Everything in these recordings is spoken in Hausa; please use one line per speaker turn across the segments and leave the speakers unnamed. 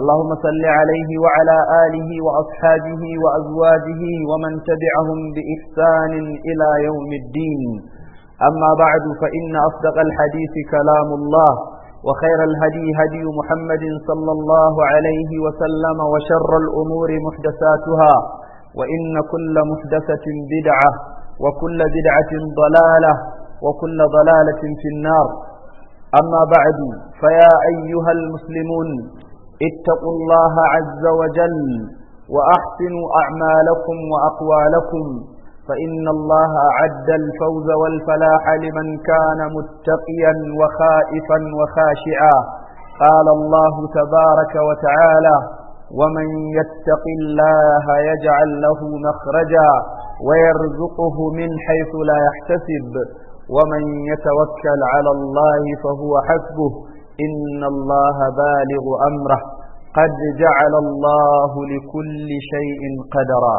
اللهم صل عليه وعلى آله وأصحابه وأزواجه ومن تبعهم بإحسان إلى يوم الدين أما بعد فإن أصدق الحديث كلام الله وخير الهدي هدي محمد صلى الله عليه وسلم وشر الأمور محدثاتها وإن كل محدثة بدعة وكل بدعة ضلالة وكل ضلالة في النار أما بعد فيا أيها المسلمون اتقوا الله عز وجل وأحسنوا أعمالكم وأقوالكم فإن الله عد الفوز والفلاح لمن كان متقيا وخائفا وخاشعا قال الله تبارك وتعالى ومن يتق الله يجعل له مخرجا ويرزقه من حيث لا يحتسب ومن يتوكل على الله فهو حسبه إن الله بالغ أمره قد جعل الله لكل شيء قدرا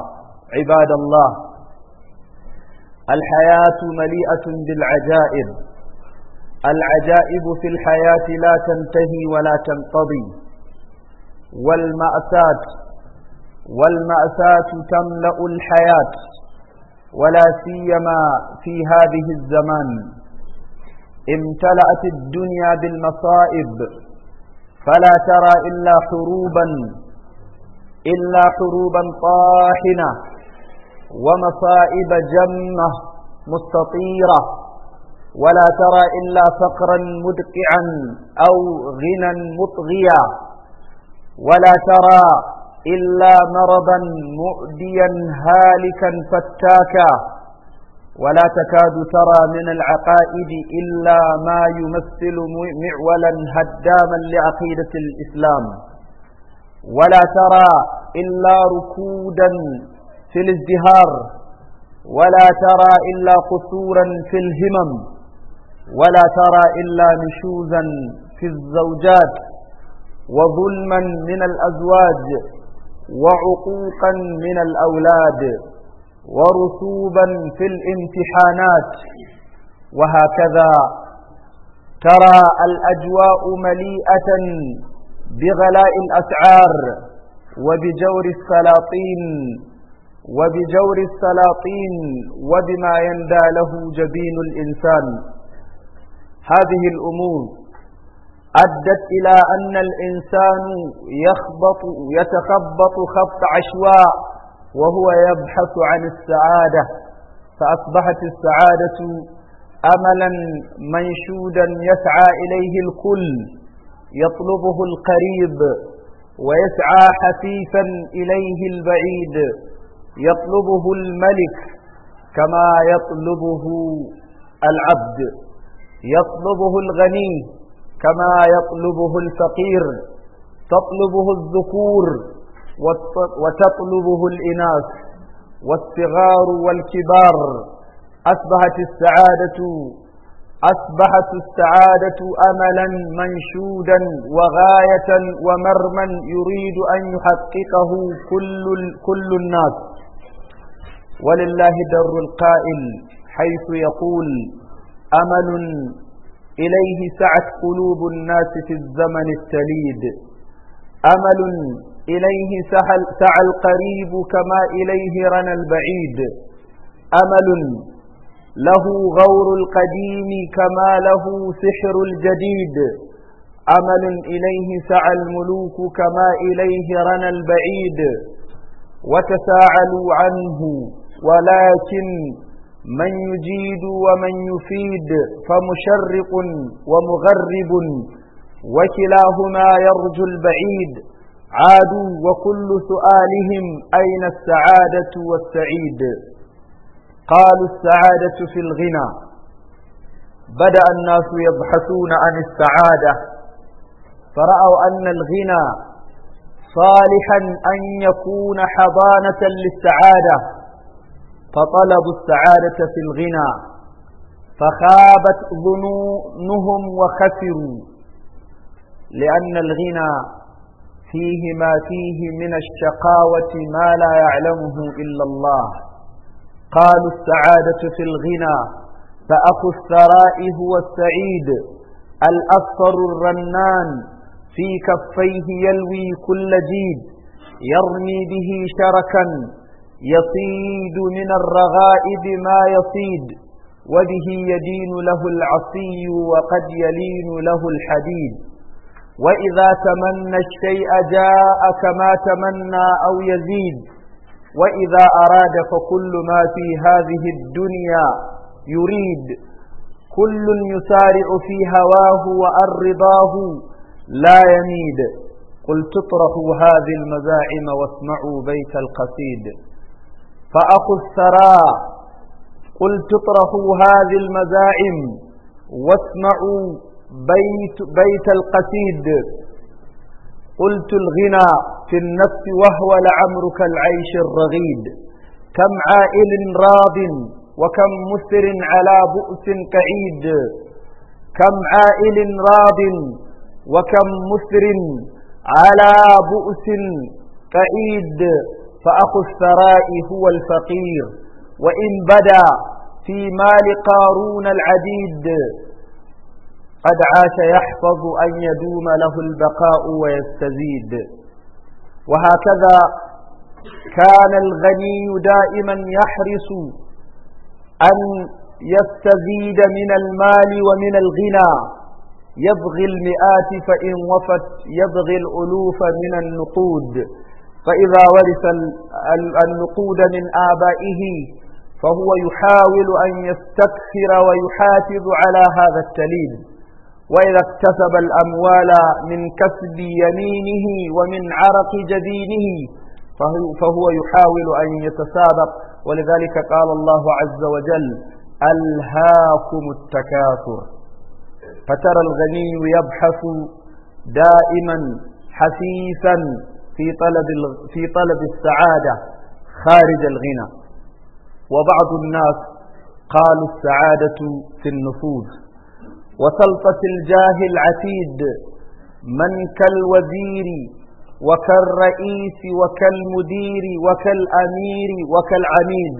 عباد الله الحياة مليئة بالعجائب العجائب في الحياة لا تنتهي ولا تنقضي والمأساة والمأساة تملأ الحياة ولا سيما في هذه الزمان امتلأت الدنيا بالمصائب فلا ترى إلا حروبا إلا حروبا طاحنة ومصائب جمة مستطيرة ولا ترى إلا فقرا مدقعا أو غنى مطغيا ولا ترى إلا مرضا مؤديا هالكا فتاكا ولا تكاد ترى من العقائد إلا ما يمثل معولا هداما لعقيدة الإسلام ولا ترى إلا ركودا في الازدهار ولا ترى إلا قصورا في الهمم ولا ترى إلا نشوزا في الزوجات وظلما من الأزواج وعقوقا من الأولاد ورسوبا في الامتحانات وهكذا ترى الأجواء مليئة بغلاء الأسعار وبجور السلاطين وبجور السلاطين وبما يندى له جبين الإنسان هذه الأمور أدت إلى أن الإنسان يخبط يتخبط خبط عشواء وهو يبحث عن السعادة فأصبحت السعادة أملا منشودا يسعى إليه الكل يطلبه القريب ويسعى حثيثا إليه البعيد يطلبه الملك كما يطلبه العبد يطلبه الغني كما يطلبه الفقير تطلبه الذكور وتطلبه الإناث والصغار والكبار أصبحت السعادة أصبحت السعادة أملا منشودا وغاية ومرما يريد أن يحققه كل, كل الناس ولله در القائل حيث يقول أمل إليه سعت قلوب الناس في الزمن التليد أمل إليه سعى القريب كما إليه رنى البعيد أمل له غور القديم كما له سحر الجديد أمل إليه سعى الملوك كما إليه رنى البعيد وتساعلوا عنه ولكن من يجيد ومن يفيد فمشرق ومغرب وكلاهما يرجو البعيد عادوا وكل سؤالهم أين السعادة والسعيد قالوا السعادة في الغنى بدأ الناس يبحثون عن السعادة فرأوا أن الغنى صالحا أن يكون حضانة للسعادة فطلبوا السعادة في الغنى فخابت ظنونهم وخسروا لأن الغنى فيه ما فيه من الشقاوة ما لا يعلمه إلا الله قالوا السعادة في الغنى فأخو الثراء هو السعيد الأبصر الرنان في كفيه يلوي كل جيد يرمي به شركا يصيد من الرغائب ما يصيد وبه يدين له العصي وقد يلين له الحديد وإذا تمنى الشيء جاء كما تمنى أو يزيد وإذا أراد فكل ما في هذه الدنيا يريد كل يسارع في هواه وأن رضاه لا يميد قل تطرحوا هذه المزاعم واسمعوا بيت القصيد فأخو الثرى قل تطرحوا هذه المزاعم واسمعوا بيت, بيت القصيد قلت الغنى في النفس وهو لعمرك العيش الرغيد كم عائل راض وكم مسر على بؤس كعيد كم عائل راض وكم مسر على بؤس كعيد فأخو الثراء هو الفقير وإن بدا في مال قارون العديد قد عاش يحفظ أن يدوم له البقاء ويستزيد وهكذا كان الغني دائما يحرص أن يستزيد من المال ومن الغنى يبغي المئات فإن وفت يبغي الألوف من النقود فإذا ورث النقود من آبائه فهو يحاول أن يستكثر ويحافظ على هذا التليد وإذا اكتسب الأموال من كسب يمينه ومن عرق جبينه فهو يحاول أن يتسابق ولذلك قال الله عز وجل ألهاكم التكاثر فترى الغني يبحث دائما حثيثا في طلب, في طلب السعادة خارج الغنى وبعض الناس قالوا السعادة في النفوذ وسلطة الجاه العتيد من كالوزير وكالرئيس وكالمدير وكالأمير وكالعميد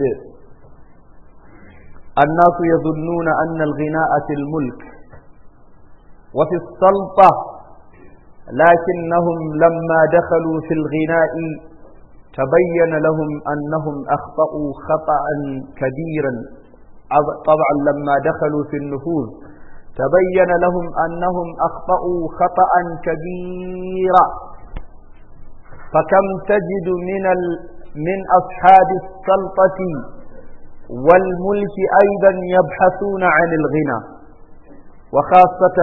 الناس يظنون أن الغناء في الملك وفي السلطة لكنهم لما دخلوا في الغناء تبين لهم أنهم أخطأوا خطأ كبيرا طبعا لما دخلوا في النفوذ تبين لهم أنهم أخطأوا خطأ كبيرا فكم تجد من من أصحاب السلطة والملك أيضا يبحثون عن الغنى وخاصة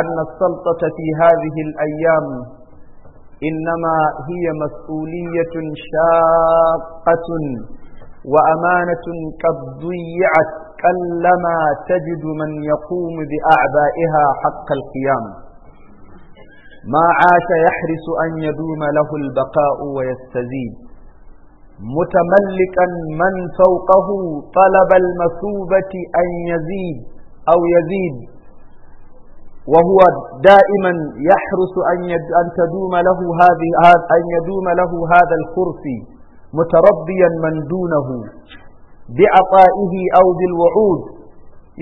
أن السلطة في هذه الأيام إنما هي مسؤولية شاقة وأمانة قد ضيعت قلما تجد من يقوم بأعبائها حق القيام ما عاش يحرص أن يدوم له البقاء ويستزيد متملكا من فوقه طلب المثوبة أن يزيد أو يزيد وهو دائما يحرص أن, يد أن تدوم له هذه أن يدوم له هذا الكرسي متربيا من دونه بعطائه أو بالوعود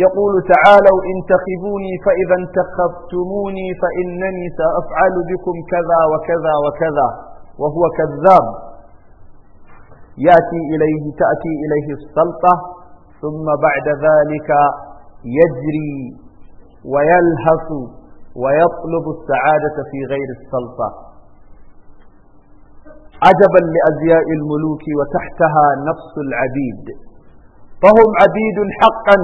يقول تعالوا انتخبوني فإذا انتخبتموني فإنني سأفعل بكم كذا وكذا وكذا وهو كذاب يأتي إليه تأتي إليه السلطة ثم بعد ذلك يجري ويلهث ويطلب السعادة في غير السلطة عجبا لأزياء الملوك وتحتها نفس العبيد فهم عبيد حقا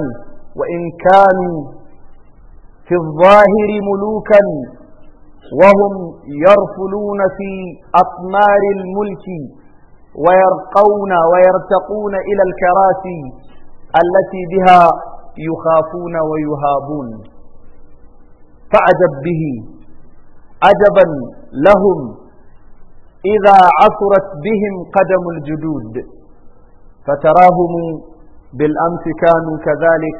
وإن كانوا في الظاهر ملوكا وهم يرفلون في أطمار الملك ويرقون ويرتقون إلى الكراسي التي بها يخافون ويهابون فعجب به عجبا لهم إذا عثرت بهم قدم الجدود فتراهم بالأمس كانوا كذلك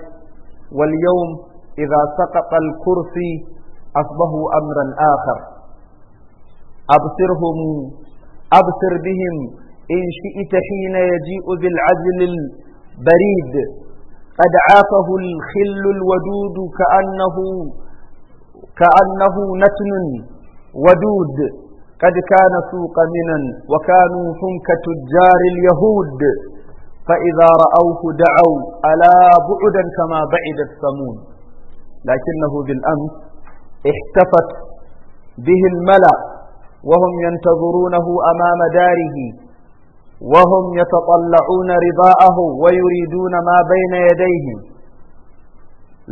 واليوم إذا سقط الكرسي أصبحوا أمرا آخر أبصرهم أبصر بهم إن شئت حين يجيء ذي العزل البريد قد عافه الخل الودود كأنه كأنه نتن ودود قد كان سوق منا وكانوا حمك تجار اليهود فإذا رأوه دعوا ألا بعدا كما بعد ثمود لكنه بالأمس احتفت به الملأ وهم ينتظرونه أمام داره وهم يتطلعون رضاءه ويريدون ما بين يديهم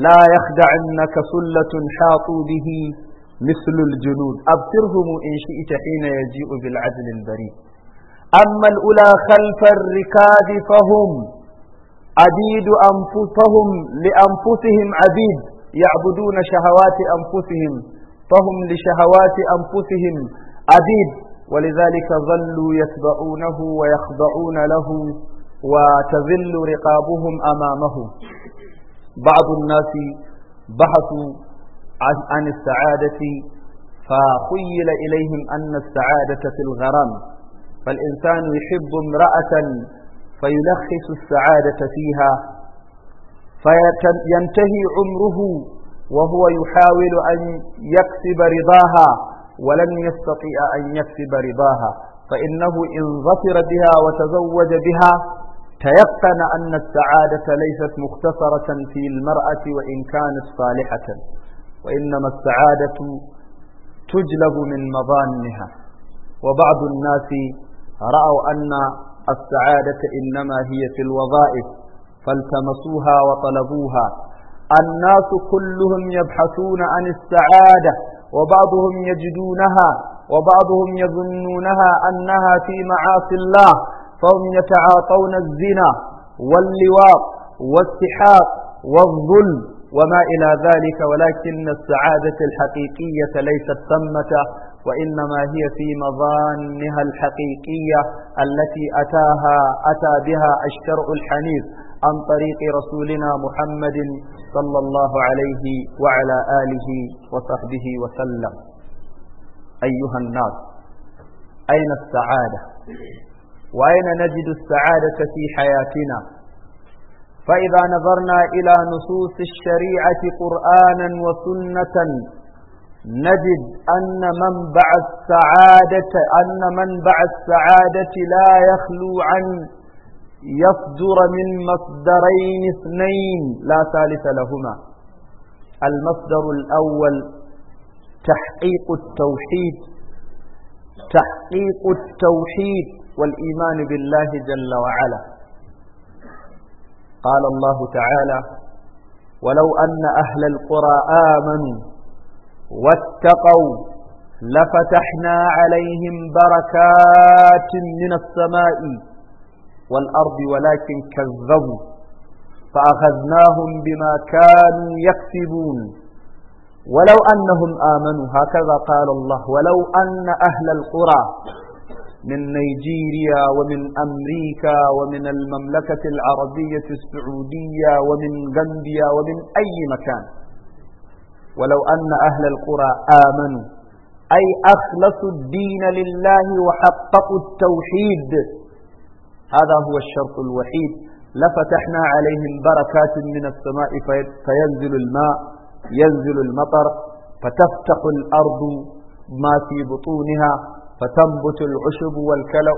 لا يخدعنك سلة حاطوا به مثل الجنود أبصرهم إن شئت حين يجيء بالعدل البريء أما الأولى خلف الركاد فهم عبيد أنفسهم لأنفسهم عبيد يعبدون شهوات أنفسهم فهم لشهوات أنفسهم عبيد ولذلك ظلوا يتبعونه ويخضعون له وتذل رقابهم أمامه بعض الناس بحثوا عن السعادة فخيل إليهم أن السعادة في الغرام فالإنسان يحب امرأة فيلخص السعادة فيها فينتهي عمره وهو يحاول أن يكسب رضاها ولن يستطيع أن يكسب رضاها فإنه إن ظفر بها وتزوج بها تيقن أن السعادة ليست مختصرة في المرأة وإن كانت صالحة وإنما السعادة تجلب من مظانها وبعض الناس رأوا أن السعادة إنما هي في الوظائف فالتمسوها وطلبوها الناس كلهم يبحثون عن السعادة وبعضهم يجدونها وبعضهم يظنونها أنها في معاصي الله فهم يتعاطون الزنا واللواط والسحاق والظلم وما إلى ذلك ولكن السعادة الحقيقية ليست ثمة وإنما هي في مظانها الحقيقية التي أتاها أتى بها الشرع الحنيف عن طريق رسولنا محمد صلى الله عليه وعلى آله وصحبه وسلم أيها الناس أين السعادة وأين نجد السعادة في حياتنا فإذا نظرنا إلى نصوص الشريعة قرآنا وسنة نجد أن منبع السعادة أن منبع السعادة لا يخلو عن يصدر من مصدرين اثنين لا ثالث لهما المصدر الأول تحقيق التوحيد تحقيق التوحيد والإيمان بالله جل وعلا قال الله تعالى ولو أن أهل القرى آمنوا واتقوا لفتحنا عليهم بركات من السماء والأرض ولكن كذبوا فأخذناهم بما كانوا يكسبون ولو أنهم آمنوا هكذا قال الله ولو أن أهل القرى من نيجيريا ومن أمريكا ومن المملكة العربية السعودية ومن غامبيا ومن أي مكان ولو أن أهل القرى آمنوا أي أخلصوا الدين لله وحققوا التوحيد هذا هو الشرط الوحيد لفتحنا عليهم بركات من السماء فينزل الماء ينزل المطر فتفتح الأرض ما في بطونها فتنبت العشب والكلأ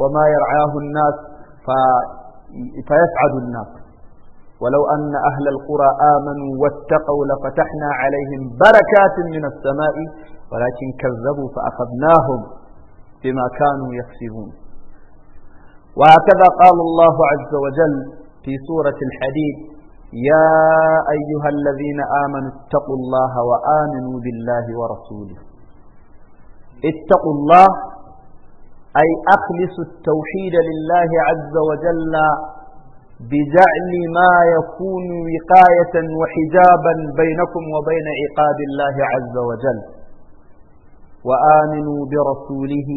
وما يرعاه الناس فيسعد الناس ولو أن أهل القرى آمنوا واتقوا لفتحنا عليهم بركات من السماء ولكن كذبوا فأخذناهم بما كانوا يكسبون وهكذا قال الله عز وجل في سورة الحديد يا أيها الذين آمنوا اتقوا الله وآمنوا بالله ورسوله اتقوا الله أي أخلصوا التوحيد لله عز وجل بجعل ما يكون وقاية وحجابا بينكم وبين عقاب الله عز وجل وآمنوا برسوله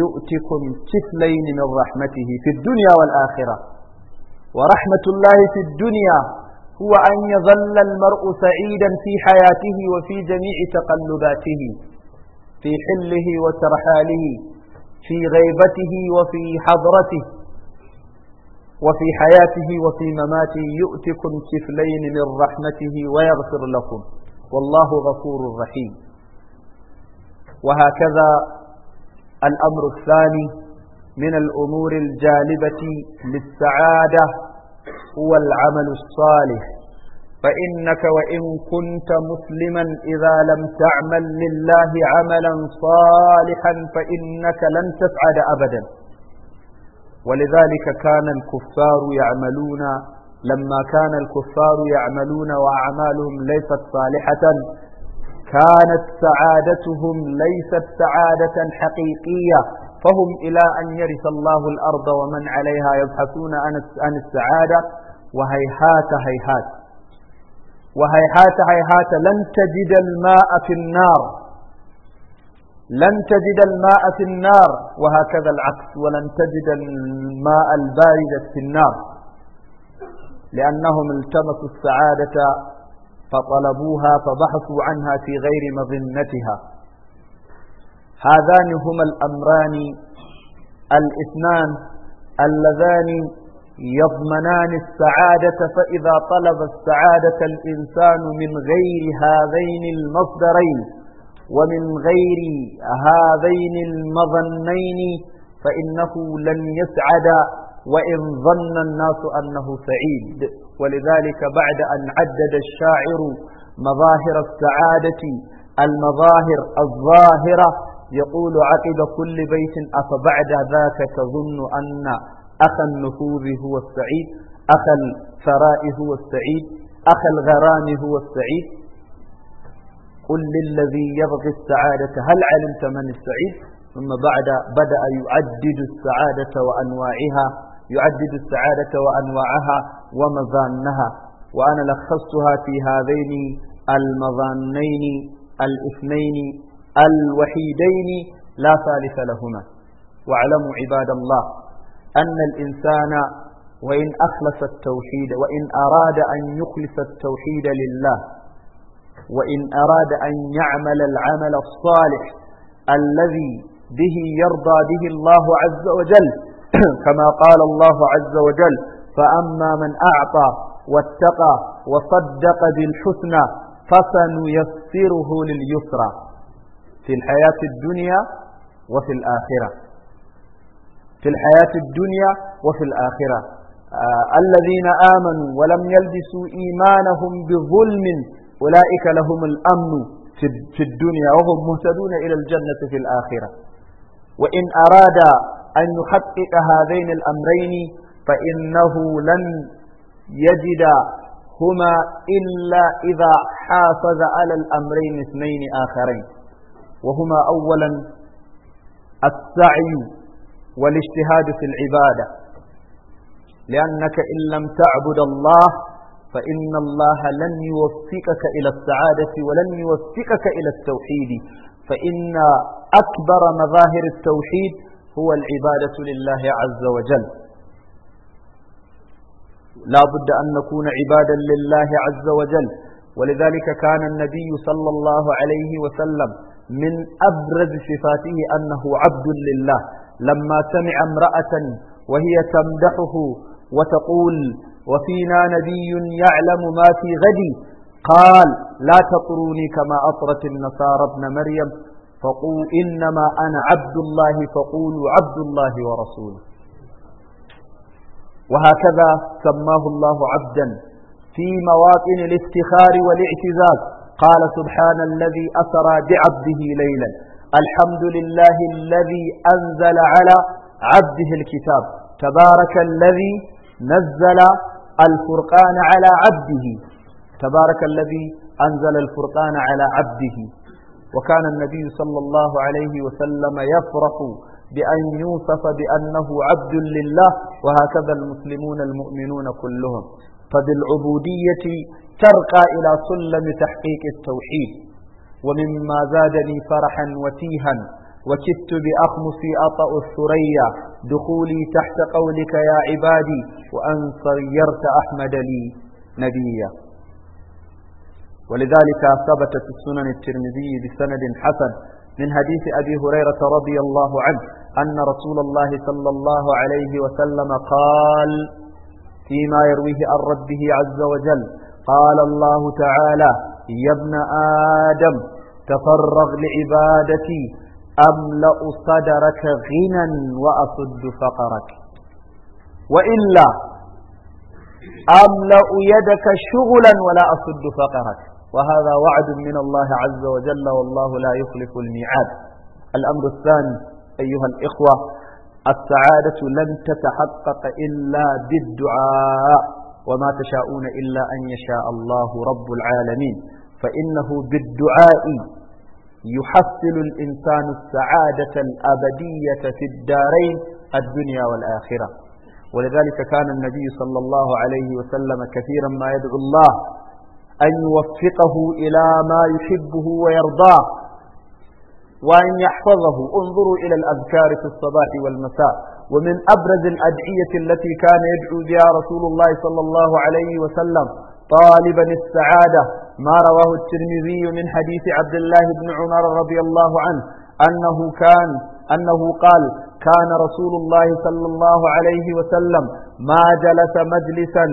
يؤتكم كفلين من رحمته في الدنيا والآخرة ورحمة الله في الدنيا هو أن يظل المرء سعيدا في حياته وفي جميع تقلباته في حله وترحاله في غيبته وفي حضرته وفي حياته وفي مماته يؤتكم كفلين من رحمته ويغفر لكم والله غفور رحيم وهكذا الأمر الثاني من الأمور الجالبة للسعادة هو العمل الصالح فإنك وإن كنت مسلما إذا لم تعمل لله عملا صالحا فإنك لن تسعد أبدا ولذلك كان الكفار يعملون لما كان الكفار يعملون وأعمالهم ليست صالحة كانت سعادتهم ليست سعادة حقيقية فهم إلى أن يرث الله الأرض ومن عليها يبحثون عن السعادة وهيهات هيهات وهيهات هيهات لن تجد الماء في النار لن تجد الماء في النار وهكذا العكس ولن تجد الماء البارد في النار لأنهم التمسوا السعادة فطلبوها فبحثوا عنها في غير مظنتها هذان هما الأمران الاثنان اللذان يضمنان السعادة فإذا طلب السعادة الإنسان من غير هذين المصدرين ومن غير هذين المظنين فإنه لن يسعد وإن ظن الناس أنه سعيد ولذلك بعد أن عدد الشاعر مظاهر السعادة المظاهر الظاهرة يقول عقب كل بيت أفبعد ذاك تظن أن أخ النفوذ هو السعيد أخ الثراء هو السعيد أخ الغرام هو السعيد قل للذي يبغي السعادة هل علمت من السعيد ثم بعد بدأ يعدد السعادة وأنواعها يعدد السعادة وأنواعها ومظانها وأنا لخصتها في هذين المظانين الاثنين الوحيدين لا ثالث لهما واعلموا عباد الله أن الإنسان وإن أخلص التوحيد وإن أراد أن يخلص التوحيد لله وإن أراد أن يعمل العمل الصالح الذي به يرضى به الله عز وجل كما قال الله عز وجل فأما من أعطى واتقى وصدق بالحسنى فسنيسره لليسرى في الحياة الدنيا وفي الآخرة في الحياة الدنيا وفي الآخرة آه الذين آمنوا ولم يلبسوا إيمانهم بظلم أولئك لهم الأمن في الدنيا وهم مهتدون إلى الجنة في الآخرة وإن أراد أن يحقق هذين الأمرين فإنه لن يجد هما إلا إذا حافظ على الأمرين اثنين آخرين وهما أولا السعي والاجتهاد في العبادة لأنك إن لم تعبد الله فإن الله لن يوفقك إلى السعادة ولن يوفقك إلى التوحيد فإن أكبر مظاهر التوحيد هو العبادة لله عز وجل لا بد أن نكون عبادا لله عز وجل ولذلك كان النبي صلى الله عليه وسلم من أبرز صفاته أنه عبد لله لما سمع امرأة وهي تمدحه وتقول وفينا نبي يعلم ما في غدي قال لا تطروني كما أطرت النصارى ابن مريم فقول إنما أنا عبد الله فقولوا عبد الله ورسوله وهكذا سماه الله عبدا في مواطن الافتخار والاعتزاز قال سبحان الذي أسرى بعبده ليلا الحمد لله الذي أنزل على عبده الكتاب تبارك الذي نزل الفرقان على عبده تبارك الذي أنزل الفرقان على عبده وكان النبي صلى الله عليه وسلم يفرح بأن يوصف بأنه عبد لله وهكذا المسلمون المؤمنون كلهم فبالعبودية ترقى إلى سلم تحقيق التوحيد ومما زادني فرحا وتيها وكدت بأخمصي أطأ الثريا دخولي تحت قولك يا عبادي وأن صيرت أحمد لي نبيا ولذلك ثبتت السنن الترمذي بسند حسن من حديث أبي هريرة رضي الله عنه أن رسول الله صلى الله عليه وسلم قال فيما يرويه عن ربه عز وجل قال الله تعالى يا ابن آدم تفرغ لعبادتي أملأ صدرك غنى وأسد فقرك وإلا أملأ يدك شغلا ولا أسد فقرك وهذا وعد من الله عز وجل والله لا يخلف الميعاد الأمر الثاني أيها الإخوة السعادة لن تتحقق إلا بالدعاء وما تشاءون إلا أن يشاء الله رب العالمين فإنه بالدعاء يحصل الإنسان السعادة الأبدية في الدارين الدنيا والآخرة ولذلك كان النبي صلى الله عليه وسلم كثيرا ما يدعو الله أن يوفقه إلى ما يحبه ويرضاه وأن يحفظه انظروا إلى الأذكار في الصباح والمساء ومن أبرز الأدعية التي كان يدعو بها رسول الله صلى الله عليه وسلم طالبا السعادة ما رواه الترمذي من حديث عبد الله بن عمر رضي الله عنه أنه كان أنه قال كان رسول الله صلى الله عليه وسلم ما جلس مجلسا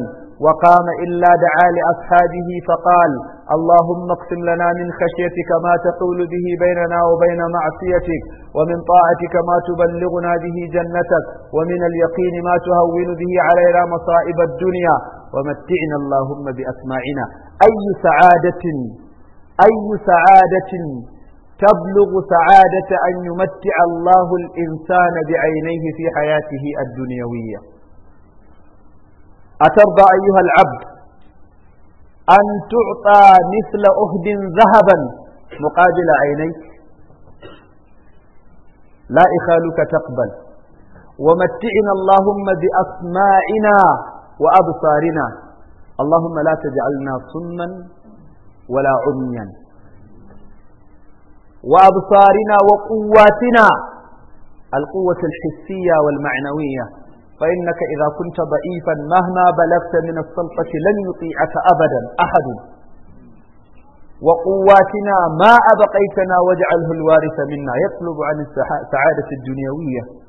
وقام إلا دعا لأصحابه فقال اللهم اقسم لنا من خشيتك ما تقول به بيننا وبين معصيتك ومن طاعتك ما تبلغنا به جنتك ومن اليقين ما تهون به علينا مصائب الدنيا ومتعنا اللهم بأسماعنا أي سعادة أي سعادة تبلغ سعادة أن يمتع الله الإنسان بعينيه في حياته الدنيوية أترضى أيها العبد أن تعطى مثل أهد ذهبا مقابل عينيك لا إخالك تقبل ومتعنا اللهم بأسماعنا وأبصارنا اللهم لا تجعلنا صما ولا عميا وأبصارنا وقواتنا القوة الحسية والمعنوية فإنك إذا كنت ضعيفا مهما بلغت من السلطة لن يطيعك أبدا أحد وقواتنا ما أبقيتنا واجعله الوارث منا يطلب عن السعادة الدنيوية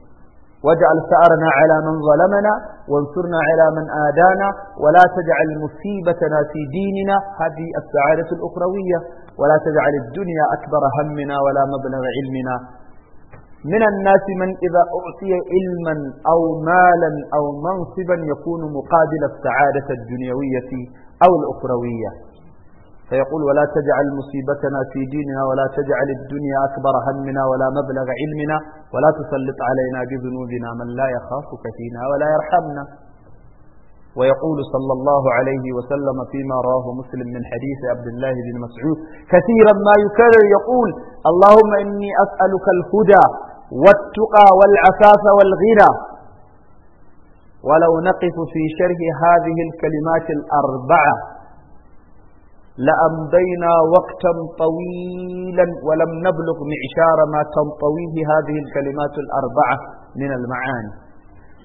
واجعل ثأرنا على من ظلمنا وانصرنا على من آدانا ولا تجعل مصيبتنا في ديننا هذه السعادة الأخروية ولا تجعل الدنيا أكبر همنا ولا مبلغ علمنا من الناس من إذا أعطي علما أو مالا أو منصبا يكون مقابل السعادة الدنيوية أو الأخروية فيقول ولا تجعل مصيبتنا في ديننا ولا تجعل الدنيا أكبر همنا ولا مبلغ علمنا ولا تسلط علينا بذنوبنا من لا يخافك فينا ولا يرحمنا ويقول صلى الله عليه وسلم فيما رواه مسلم من حديث عبد الله بن مسعود كثيرا ما يكرر يقول اللهم إني أسألك الهدى والتقى والعفاف والغنى ولو نقف في شرح هذه الكلمات الأربعة لأمضينا وقتا طويلا ولم نبلغ معشار ما تنطويه هذه الكلمات الأربعة من المعاني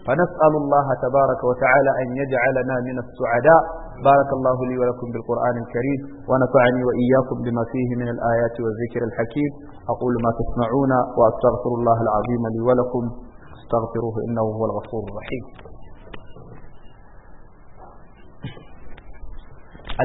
فنسأل الله تبارك وتعالى أن يجعلنا من السعداء بارك الله لي ولكم بالقرآن الكريم ونفعني وإياكم بما فيه من الآيات والذكر الحكيم أقول ما تسمعون وأستغفر الله العظيم لي ولكم استغفروه إنه هو الغفور الرحيم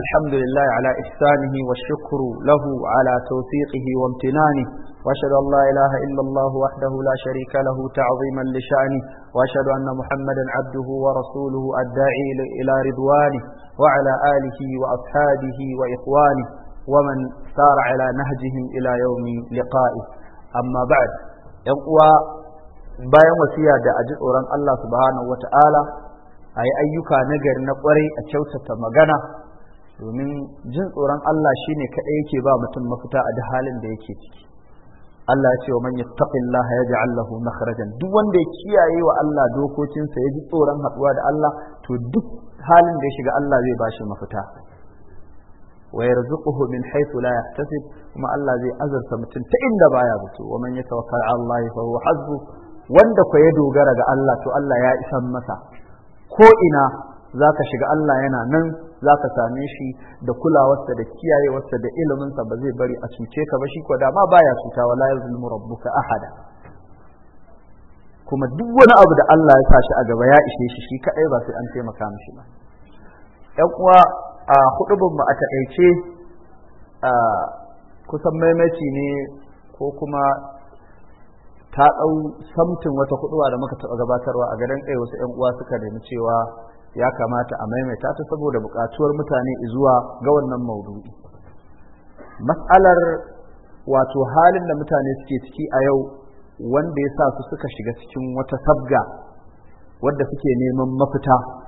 الحمد لله على إحسانه والشكر له على توفيقه وامتنانه وأشهد أن لا إله إلا الله وحده لا شريك له تعظيما لشأنه وأشهد أن محمدا عبده ورسوله الداعي إلى رضوانه وعلى آله وأصحابه وإخوانه ومن سار على نهجهم إلى يوم لقائه أما بعد يقوى bayan wasiya da aji tsoron Allah subhanahu wata'ala a yi ayyuka nagari na kwarai a kyautata magana domin jin tsoron Allah shi ne kaɗai yake ba mutum mafita a duk halin da yake ciki Allah ya ce wa ya ji Allah hu makhrajan duk wanda ya kiyaye wa Allah dokokinsa ya ji tsoron haɗuwa da Allah to duk halin da ya shiga Allah zai bashi mafita wa yarzuquhu min haythu la yahtasib kuma Allah zai azarta mutum ta inda baya zato wa man yatawakkal 'ala Allah fa huwa hazzu wanda ko ya dogara ga Allah to Allah ya isan masa ko ina zaka shiga Allah yana nan za ka same shi da kulawarsa da kiyayewarsa da iliminsa ba zai bari a cuce ka ba shi ko dama baya cuta wala yazlimu rabbuka ahada kuma duk wani abu da Allah ya tashi a gaba ya ishe shi shi kadai ba sai an taimaka mishi ba ƴan uwa a hudubin mu a taƙaice a kusan maimaci ne ko kuma ta ɗau samtin wata hudu da muka taɓa gabatarwa a garin ɗaya wasu ƴan uwa suka nemi cewa ya kamata a maimaita ta saboda buƙatuwar mutane zuwa ga wannan maudu'i matsalar wato halin da mutane suke ciki a yau wanda ya sa su suka shiga cikin wata sabga wadda suke neman mafita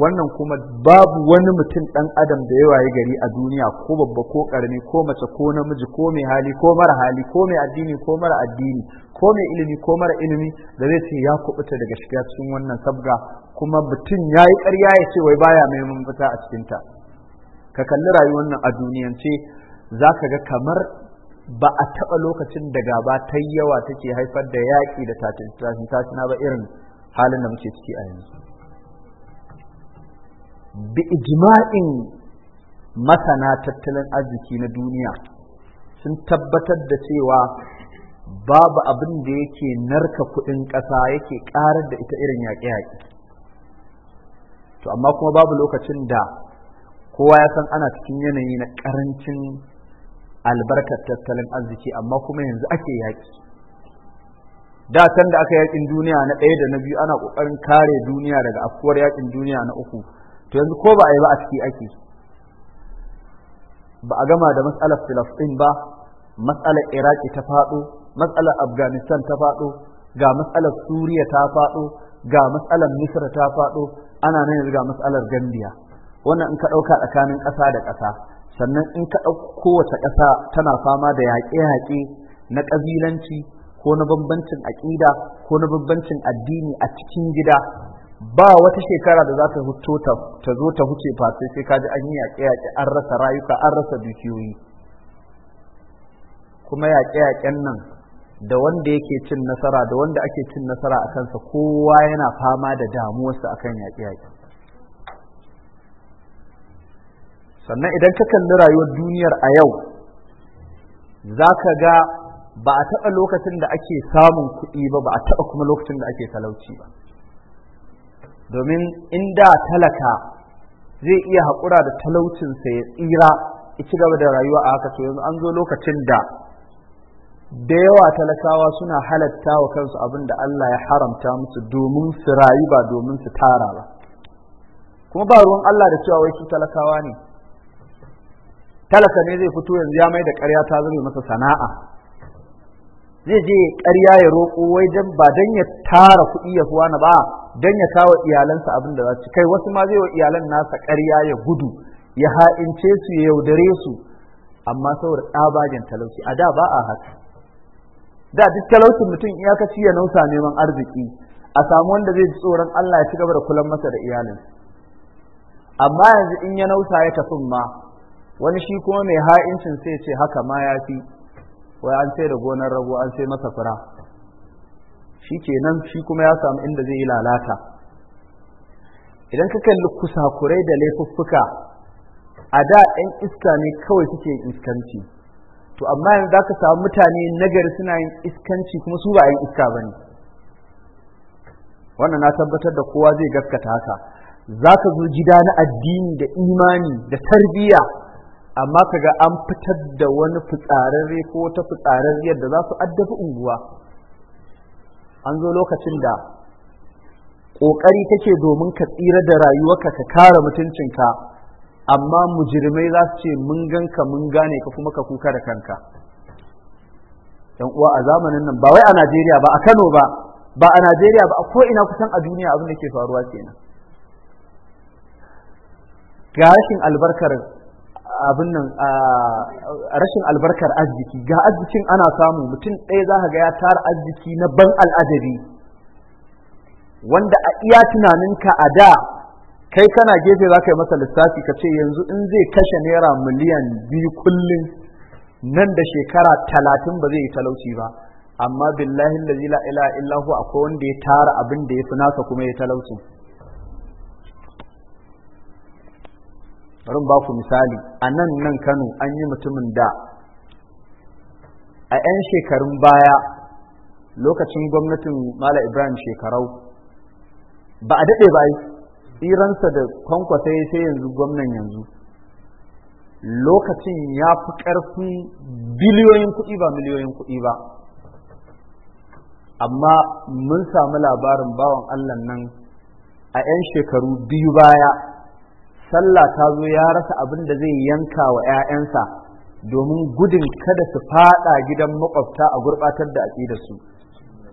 wannan kuma babu wani mutum ɗan adam da yawa ya gari a duniya ko babba ko ƙarami ko mace ko namiji ko mai hali ko mara hali ko mai addini ko mara addini ko mai ilimi ko mara ilimi da zai ce ya kubuta daga shiga cikin wannan sabga kuma mutum ya yi ƙarya ya ce wai baya mai mafita a cikinta ka kalli rayuwar nan a duniyance za ka ga kamar ba a taɓa lokacin da gaba ta yawa take haifar da yaƙi da tashin ba irin halin da muke ciki a yanzu bi ijma'in masana tattalin arziki na duniya sun tabbatar da cewa babu abin da yake narka kuɗin ƙasa yake ƙarar da ita irin yaƙe-yaƙe to amma kuma babu lokacin da kowa ya san ana cikin yanayi na ƙarancin albarkar tattalin arziki amma kuma yanzu ake yaƙi da can da aka yakin duniya na ɗaya da na biyu ana ƙoƙarin kare duniya daga afkuwar yakin duniya na uku to yanzu ko ba a yi ba a ciki ake ba a gama da matsalar filastin ba matsalar iraki ta faɗo matsalar afghanistan ta faɗo ga matsalar suriya ta faɗo ga matsalar misir ta faɗo ana nan yanzu ga matsalar gambia wannan in ka ɗauka tsakanin ƙasa da ƙasa sannan in ka ɗauka kowace ƙasa tana fama da yaƙe-yaƙe na ƙabilanci ko na bambancin aƙida ko na bambancin addini a cikin gida ba wata shekara da za ta huto ta zo ta huce face sai kaji an yi yaƙe-yaƙe an rasa rayuka an rasa dukiyoyi kuma yaƙe-yaƙen nan da wanda yake cin nasara da wanda ake cin nasara a kansa kowa yana fama da damuwarsa akan yaƙe-yaƙe sannan idan ka kalli rayuwar duniyar a yau za ka ga ba a taɓa lokacin da ake samun kuɗi ba ba a taɓa kuma lokacin da ake talauci ba domin inda talaka zai iya haƙura da talaucinsa ya tsira ya ci gaba da rayuwa a haka to yanzu an zo lokacin da da yawa talakawa suna halatta wa kansu abin da Allah ya haramta musu domin su rayu ba domin su tara ba kuma ba ruwan Allah da cewa wai su talakawa ne talaka ne zai fito yanzu ya mai da ƙarya ta zama masa sana'a zai je ƙarya ya roƙo wai dan ba dan ya tara kuɗi ya fuwa na ba dan ya kawo iyalansa abin da za su kai wasu ma zai wa iyalan nasa ƙarya ya gudu ya ha'ince su ya yaudare su amma saboda ɗabagen talauci a da ba a haka da duk talaucin mutum iyakaci ya nausa neman arziki a samu wanda zai ji tsoron Allah ya ci gaba da kulan masa da iyalin amma yanzu in ya nausa ya tafi ma wani shi kuma mai ha'incin sai ce haka ma ya fi wai an sai da gonar rago an sai masa fura shi kenan shi kuma ya samu inda zai yi lalata idan ka kalli kusakurai da laifuffuka a da ɗan iska ne kawai suke yin iskanci to amma yanzu za ka samu mutane nagari suna yin iskanci kuma su ba yin iska ba ne wannan na tabbatar da kowa zai gaskata haka za ka zo gida na addini da imani da tarbiyya amma kaga an fitar da wani fitsararre ko wata fitsararriyar da za su addabi unguwa an zo lokacin da ƙoƙari take domin ka tsira da rayuwarka ka kare mutuncinka amma mujirmai za su ce mun ganka mun gane ka kuma ka kuka da kanka yan uwa a zamanin nan ba wai a Najeriya ba a Kano ba ba a Najeriya ba a ko'ina kusan a duniya abin da ke faruwa kenan ga rashin albarkar abin nan rashin albarkar arziki ga arzikin ana samu mutum ɗaya za ka ga ya tara arziki na ban al'ajabi wanda a iya tunaninka a da kai kana gefe za ka yi masa lissafi ka ce yanzu in zai kashe naira miliyan biyu kullum nan da shekara talatin ba zai yi talauci ba amma billahi la ilaha illahu akwai wanda ya tara abin da ya fi nasa kuma ya talauci bari ba ku misali a nan nan kano an yi mutumin da a 'yan shekarun baya lokacin gwamnatin mala ibrahim shekarau ba a daɗe ba yi, tsiransa da kwankwasa sai yanzu gwamnan yanzu lokacin ya fi ƙarfin biliyoyin kuɗi ba miliyoyin kuɗi ba amma mun samu labarin bawan allah nan a 'yan shekaru biyu baya sallah ta zo ya rasa abin da zai yanka wa 'ya'yansa domin gudun kada su fada gidan makwabta a gurbatar da aƙidarsu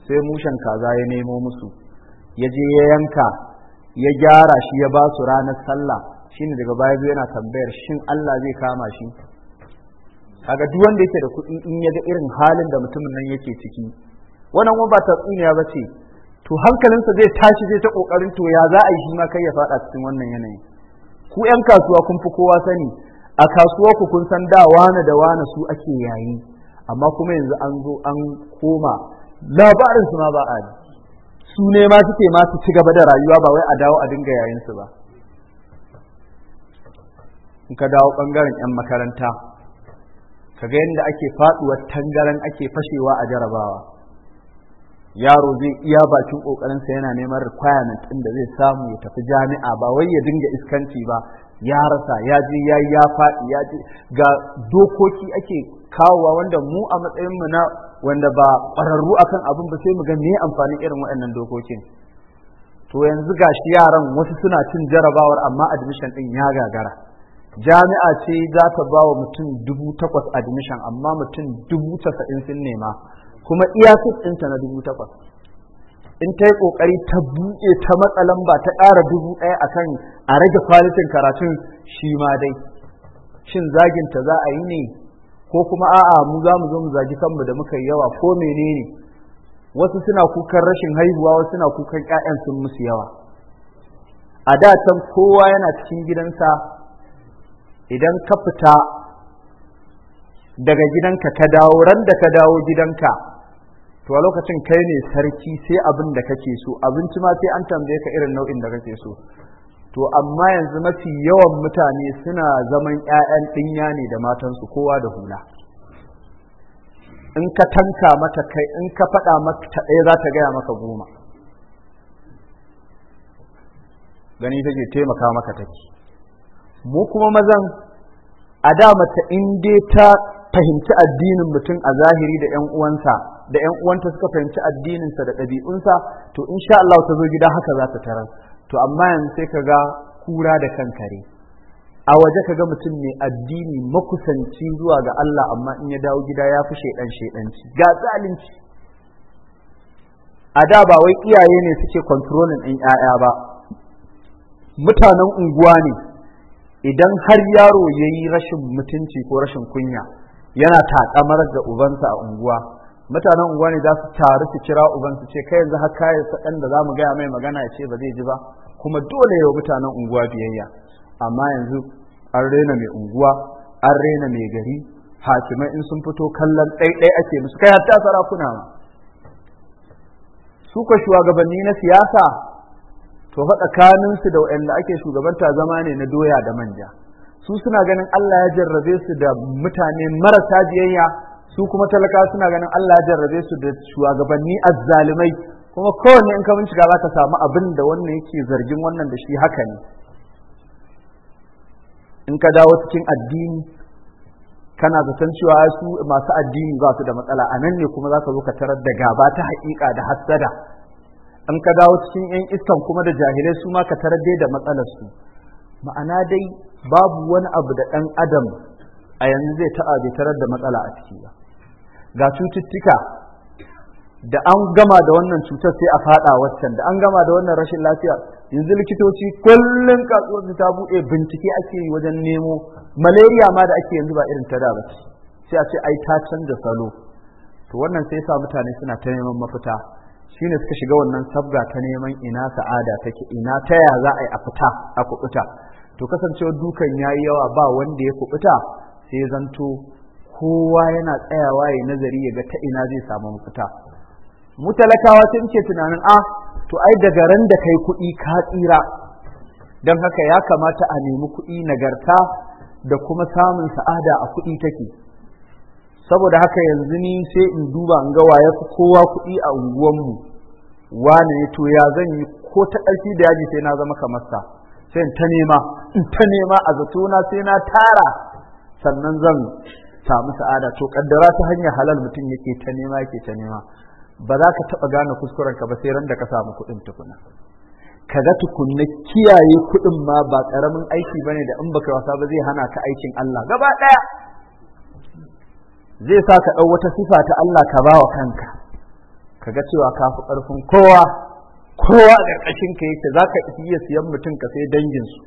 sai mushen kaza ya nemo musu ya je ya yanka ya gyara shi ya ba su ranar sallah shine daga baya zo yana tambayar shin Allah zai kama shi kaga duk wanda yake da kuɗi in yaga irin halin da mutumin nan yake ciki wannan kuma ba tatsuniya ba ce to hankalinsa zai tashi zai ta ƙoƙarin to ya za a yi shi ma kai ya faɗa cikin wannan yanayin ku yan kasuwa kun fi kowa sani a kasuwa ku kun san da wane da wane su ake yayi amma kuma yanzu an zo an koma labarin su ma ba a su ne ma suke ma su ci gaba da rayuwa ba wai a dawo a dinga yayin su ba in ka dawo bangaren yan makaranta kaga yadda ake faduwa tangaran ake fashewa a jarabawa yaro zai iya bakin kokarinsa yana neman requirement ɗin da zai samu ya tafi jami'a ba wai ya dinga iskanci ba ya rasa ya je ya ya faɗi ya je ga dokoki ake kawowa wanda mu a matsayin mu na wanda ba ƙwararru akan abin ba sai mu ga me amfanin irin waɗannan dokokin to yanzu gashi yaran wasu suna cin jarabawar amma admission ɗin ya gagara jami'a ce za ta ba wa mutum dubu takwas admission amma mutum dubu tasa'in sun nema kuma iya ɗinta na dubu takwas in ta yi ƙoƙari ta buɗe ta matsa lamba ta ƙara dubu ɗaya a kan a rage kwalitin karatun shi ma dai shin zaginta za a yi ne ko kuma a'a mu za mu zo mu zagi kanmu da muka yi yawa ko menene wasu suna kukan rashin haihuwa wasu suna kukan 'ya'yansu sun musu yawa a da can kowa yana cikin gidansa idan ka fita daga gidanka ka dawo ran da ka dawo gidanka to a lokacin kai ne sarki sai abin da kake so abinci ma sai an tambaye ka irin nau'in da kake so to amma yanzu mafi yawan mutane suna zaman ƴaƴan ɗinya ne da matansu kowa da hula in ka tanka mata kai in ka faɗa mata ɗaya za ta gaya maka goma gani take taimaka maka take mu kuma mazan a da mata in dai ta fahimci addinin mutum a zahiri da 'yan uwansa da ƴan uwanta suka fahimci addininsa da ɗabi'unsa to insha Allah ta zo gida haka za ta tarar to amma yanzu sai ka ga kura da kankare a waje ka ga mutum mai addini makusanci zuwa ga Allah amma in ya dawo gida ya fi shaidan shaidanci ga zalunci a da ba wai iyaye ne suke kontrolin ɗin 'ya'ya ba mutanen unguwa ne idan har yaro ya yi rashin mutunci ko rashin kunya yana taƙamar ga ubansa a unguwa mutanen unguwa ne za su taru su kira uban su ce kai yanzu har kaya sadan da zamu gaya mai magana ya ce ba zai ji ba kuma dole yau mutanen unguwa biyayya amma yanzu an rena mai unguwa an rena mai gari hakimai in sun fito kallon ɗaiɗai ake musu kai hatta sarakuna ma su ka shugabanni na siyasa to fa su da waɗanda ake shugabanta zama ne na doya da manja su suna ganin Allah ya jarrabe su da mutane marasa biyayya su kuma talaka suna ganin Allah ya jarrabe su da shugabanni azzalumai kuma kowanne in ka shiga za ka samu abin da wannan yake zargin wannan da shi haka ne in ka dawo cikin addini kana zaton cewa su masu addini ba su da matsala a nan ne kuma za ka zo ka tarar da gaba ta haƙiƙa da hassada in ka dawo cikin yan iskan kuma da jahilai su ma ka tarar dai da matsalar su ma'ana dai babu wani abu da ɗan adam a yanzu zai ta'a bai tarar da matsala a ciki ba ga cututtuka da an gama da wannan cutar sai a fada waccan da an gama da wannan rashin lafiya yanzu likitoci kullum kasuwarsu ta buɗe bincike ake yi wajen nemo malaria ma da ake yanzu ba irin ta da ba sai a ce ai ta canza salo to wannan sai sa mutane suna ta neman mafita shine suka shiga wannan sabga ta neman ina sa'ada take ina ta ya za a yi a fita a kubuta to kasancewar dukan yayi yawa ba wanda ya kubuta sai zanto kowa yana tsayawa ya nazari ya ga ta ina zai samu mafita mutalakawa sun ce tunanin a ah, to ai daga ran da kai kuɗi ka tsira don haka ya kamata a nemi kuɗi nagarta da kuma samun sa'ada a kuɗi take saboda haka yanzu ni sai in duba in ga fi kowa kuɗi a unguwanmu wane ne to ya zan yi ko ta ƙarfi da yaji sai na zama kamar sa sai in ta nema in ta nema a zatona sai na tara sannan zan samu sa'ada to kaddara ta hanyar halal mutum yake ta nema yake ta nema ba za ka taba gane kuskuren ka ba sai ran da ka samu kuɗin tukuna ka ga tukunna kiyaye kuɗin ma ba ƙaramin aiki ba ne da in baka wasa ba zai hana ka aikin Allah gaba ɗaya zai sa ka ɗau wata sifa ta Allah ka bawa kanka ka ga cewa ka fi ƙarfin kowa kowa a ƙarƙashin ka yake za ka iya siyan mutum ka sai danginsu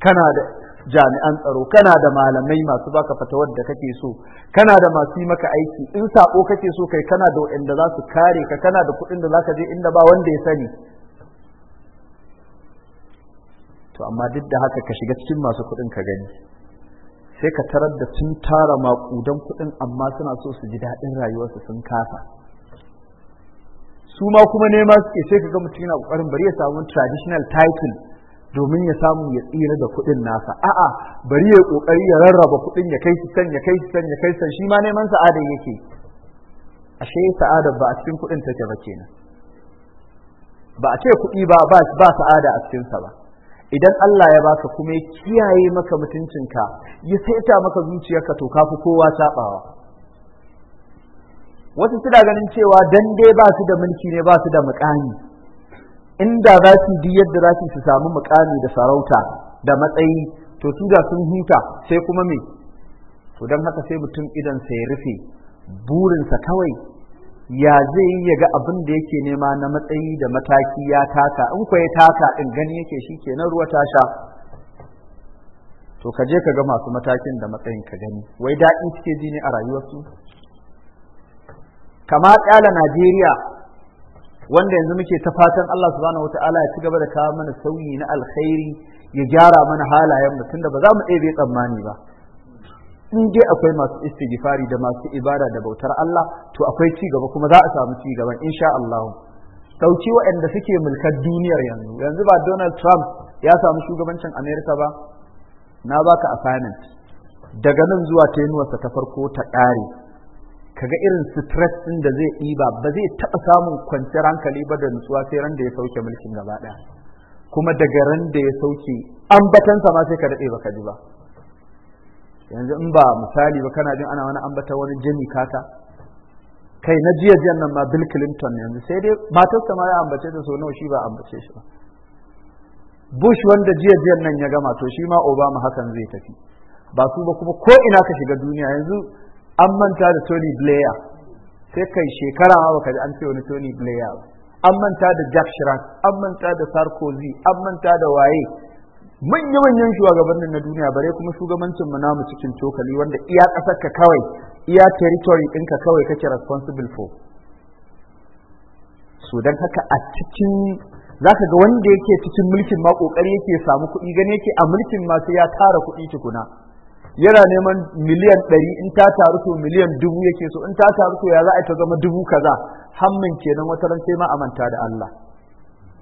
kana da jami'an tsaro kana da malamai masu baka fatawar da kake so kana da masu yi maka aiki in sako kake so kai kana da waɗanda za su kare ka kana da kuɗin da za ka je inda ba wanda ya sani to amma duk da haka ka shiga cikin masu kuɗin ka gani sai ka tarar da sun tara maƙudan kuɗin amma suna so su ji daɗin rayuwarsu sun kasa su ma kuma nema suke sai ka ga mutum yana ƙoƙarin bari ya samu traditional title domin ya samu ya tsira da kuɗin nasa a'a bari ya kokari ya rarraba kuɗin ya kai shi can ya kai shi can ya kai shi ma neman sa'ada yake ashe sa'ada ba a cikin kuɗin take ba kenan ba a ce kuɗi ba ba sa'ada a cikinsa ba idan Allah ya baka kuma ya kiyaye maka mutuncinka ya saita maka zuciyarka to kafi kowa sabawa wasu suna ganin cewa dan dai ba su da mulki ne ba su da mukami inda za su bi yadda za su samu mukami da sarauta da matsayi to su da sun huta sai kuma me to don haka sai mutum idan ya rufe burinsa kawai ya zai yi ga abin da yake nema na matsayi da mataki ya taka in kuwa ya taka in gani yake shi kenan ruwa ta sha to ka je ka ga masu matakin da matsayin ka gani wai daɗi suke ji ne a rayuwarsu Kamar ƙyala najeriya wanda yanzu muke ta fatan Allah subhanahu wataala ya ci gaba da kawo mana sauyi na alkhairi ya gyara mana halayen mu tunda ba za mu ɗebe tsammani ba in dai akwai masu istighfari da masu ibada da bautar Allah to akwai cigaba kuma za a samu ci gaba insha Allah dauki waɗanda suke mulkar duniyar yanzu yanzu ba Donald Trump ya samu shugabancin America ba na baka assignment daga nan zuwa tenuwarsa ta farko ta ƙare kaga irin stress ɗin da zai ɗiba ba zai taɓa samun kwanciyar hankali ba da nutsuwa sai ran da ya sauke mulkin gaba ɗaya kuma daga ran da ya sauke ambatansa ma sai ka daɗe baka ji ba yanzu in ba misali ba kana jin ana wani ambata wani jami kata kai na jiya jiyan nan ma bill clinton yanzu sai dai matarsa ma ya ambace ta so nawa shi ba ambace shi ba bush wanda jiya jiyan nan ya gama to shi ma obama hakan zai tafi ba su ba kuma ko ina ka shiga duniya yanzu an manta da Tony Blair sai kai shekara ma baka ji an ce wani Tony Blair an manta da Jack Chirac an manta da Sarkozy an manta da waye manya manyan shugabannin na duniya bare kuma shugabancin mu namu cikin cokali wanda iya kasar ka kawai iya territory ɗinka kawai kake responsible for so don haka a cikin za ga wanda yake cikin mulkin ma ƙoƙari yake samu kuɗi gane yake a mulkin ma sai ya tara kuɗi tukuna yana neman miliyan ɗari in ta taru to miliyan dubu yake so in ta taru to ya za a ta zama dubu kaza hammin kenan wata ran sai ma a da Allah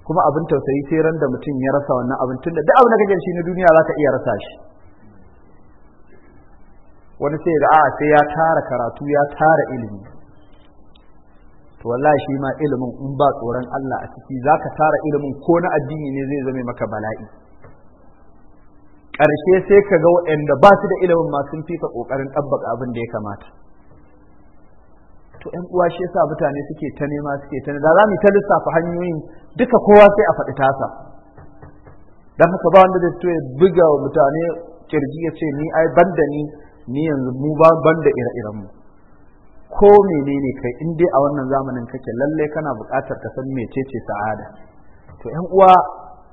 kuma abin tausayi sai ran da mutum ya rasa wannan abin tunda duk abin da kake shi na duniya za ka iya rasa shi wani sai da a sai ya tara karatu ya tara ilimi to wallahi shi ma ilimin in ba tsoron Allah a ciki zaka tara ilimin ko na addini ne zai zame maka bala'i ƙarshe sai ka ga waɗanda ba su da ilimin ma sun fika ƙoƙarin ɗabbaka abin da ya kamata to ƴan uwa shi yasa mutane suke ta nema suke ta da za mu ta lissafa hanyoyin duka kowa sai a faɗi tasa dan haka ba wanda da to ya buga wa mutane kirji ya ce ni ai banda ni ni yanzu mu ba banda ire-iren mu ko menene kai in dai a wannan zamanin kake lalle kana buƙatar ka san mecece sa'ada to ƴan uwa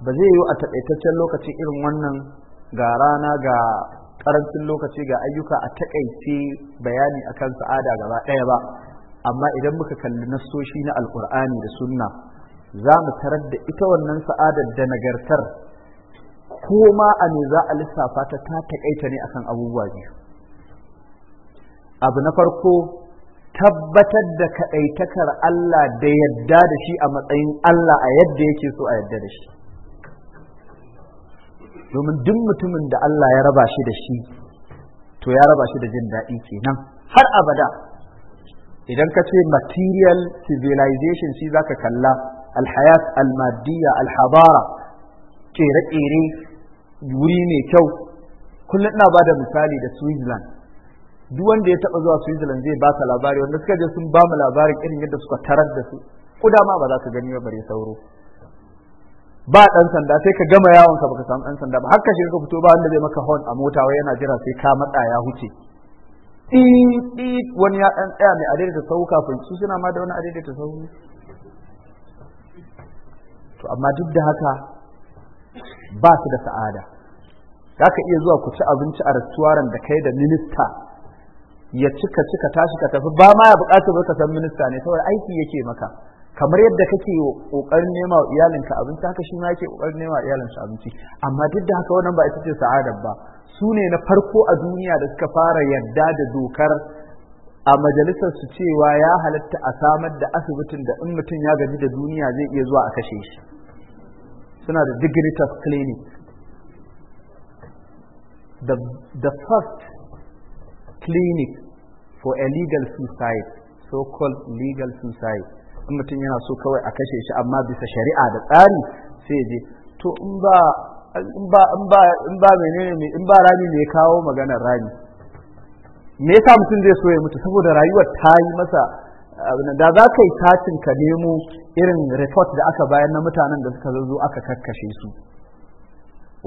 ba zai yiwu a taƙaitaccen lokaci irin wannan ga rana ga karancin lokaci ga ayyuka a takaice bayani akan sa'ada gaba ɗaya ba amma idan muka kalli nassoshi na alkur'ani da sunna za mu tarar da ita wannan Sa'ada da nagartar ko ma a ne za a lissafa ta ta takaita ne akan abubuwa biyu abu na farko tabbatar da kaɗaitakar Allah da yadda da shi a matsayin Allah a yadda yake so a yadda da shi domin duk mutumin da Allah ya raba shi da shi to ya raba shi da jin daɗi kenan har abada idan ka ce material civilization shi za ka kalla alhayat almadiyya alhabara kere-kere wuri mai kyau kullum ina ba da misali da switzerland duk wanda ya taɓa zuwa switzerland zai ba ka labari wanda suka je sun ba mu labarin irin yadda suka tarar da su kuda ma ba za ka gani ba bare sauro ba dan sanda sai ka gama yawon ka baka samu dan sanda ba haka shi ka fito ba wanda zai maka horn a mota wai yana jira sai ka matsa ya huce wani ya ɗan tsaya mai adaidaita sahu kafin su suna ma da wani adaidaita sahu to amma duk da haka ba su da sa'ada za ka iya zuwa ku ci abinci a restoran da kai da minista ya cika cika tashi ka tafi ba ma ya bukatar ka san minista ne saboda aiki yake maka kamar yadda kake kokarin nema wa iyalinka abinci haka shi ma yake kokarin nema wa iyalinsa abinci amma duk da haka wannan ba ita ce sa'adar ba su ne na farko a duniya da suka fara yadda da dokar a majalisar su cewa ya halatta a samar da asibitin da in mutum ya gaji da duniya zai iya zuwa a kashe shi suna da degree of clinic the, the first clinic for a legal suicide so called legal suicide in mutum yana so kawai a kashe shi amma bisa shari'a da tsari sai je to in ba in ba in ba in ba rami ne kawo maganar rami me yasa mutum zai so ya mutu saboda rayuwar ta yi masa da za ka yi katin ka nemo irin report da aka bayan na mutanen da suka zo aka kakkashe su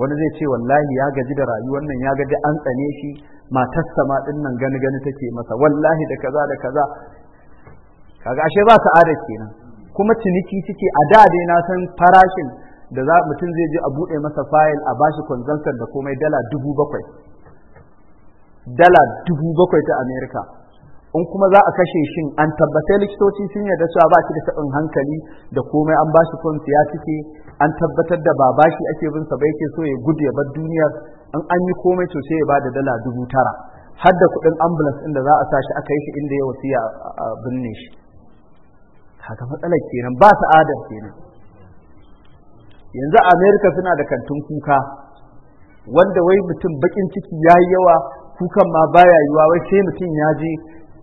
wani zai ce wallahi ya gaji da rayuwar nan ya gaji an tsane shi matarsa ma din nan gani gani take masa wallahi da kaza da kaza kaga ashe ba sa'ada kenan kuma ciniki cike a da dai na san farashin da za mutum zai je a buɗe masa fayil a bashi konzantar da komai dala dubu bakwai dala dubu bakwai ta amerika in kuma za a kashe shin an tabbatai likitoci sun yarda cewa ba shi da taɓin hankali da komai an bashi fons ya cike an tabbatar da ba bashi ake bin sa ba yake so ya gudu ya bar duniyar in an yi komai to sai ya bada dala dubu tara har da kuɗin ambulance da za a sa shi aka yi shi inda ya wasiya a binne shi haka matsalar kenan ba sa'adar kenan yanzu amerika suna da kantin kuka wanda wai mutum bakin ciki ya yi yawa kukan ma baya yiwa wai sai mutum ya je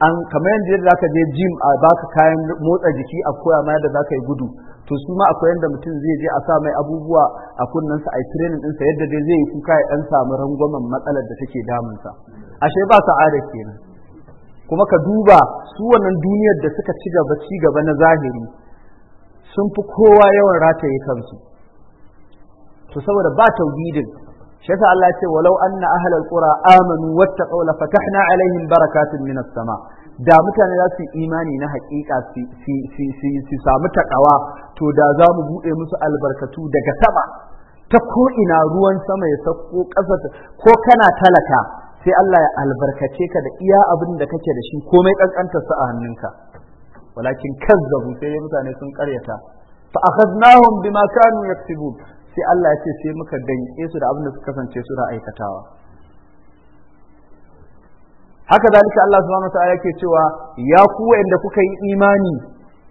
an kamar yadda zaka je jim a baka kayan motsa jiki a koya ma yadda zaka yi gudu to su ma akwai yadda mutum zai je a sa mai abubuwa a kunnensa a yi training ɗinsa yadda zai yi kuka ya ɗan samu rangwamen matsalar da take damunsa ashe ba sa'ada kenan kuma ka duba su wannan duniyar da suka ci gaba ci gaba na zahiri sun fi kowa yawan rataye kansu to saboda ba tauhidin shi yasa Allah ya ce walau anna ahlal qura amanu wattaqaw la fatahna alaihim barakatun minas sama da mutane za su imani na haƙiƙa su samu takawa to da za mu buɗe musu albarkatu daga sama ta ko ina ruwan sama ya sauko ƙasa ko kana talaka sai Allah ya albarkace ka da iya abin da kake da shi komai kankantar sa a hannunka walakin kazzabu sai ya mutane sun karyata fa akhadnahum bima kanu yaktubun sai Allah ya ce sai muka danke su da abin da suka kasance da aikatawa haka zalika Allah subhanahu wataala yake cewa ya ku wanda kuka yi imani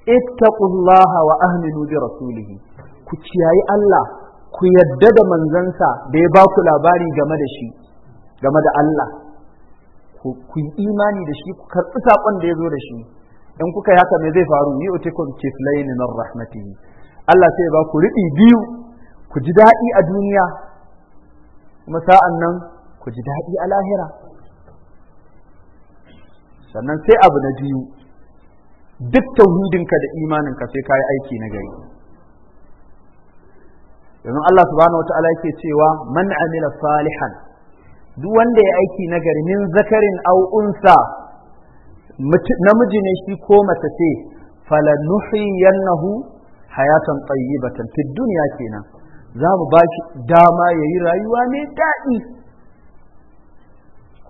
ittaqullaha wa ahlinu bi rasulih ku ciyayi Allah ku yadda da manzansa da ya ba ku labari game da shi game da Allah ku yi imani da shi ku karɓi saƙon da ya zo da shi in kuka yi haka me zai faru ni utikum kiflaini min rahmatihi Allah sai ba ku riɗi biyu ku ji daɗi a duniya kuma sa'an nan ku ji daɗi a lahira sannan sai abu na biyu duk tauhidinka da imaninka sai ka yi aiki na gari yanzu Allah subhanahu wa ta'ala yake cewa man amila salihan duk wanda ya aiki nagari min zakarin au'unsa namiji ne shi ko mace ce yannahu, hayatan tayyibatan fid dunya kenan za mu ba shi dama ya yi rayuwa ne daɗi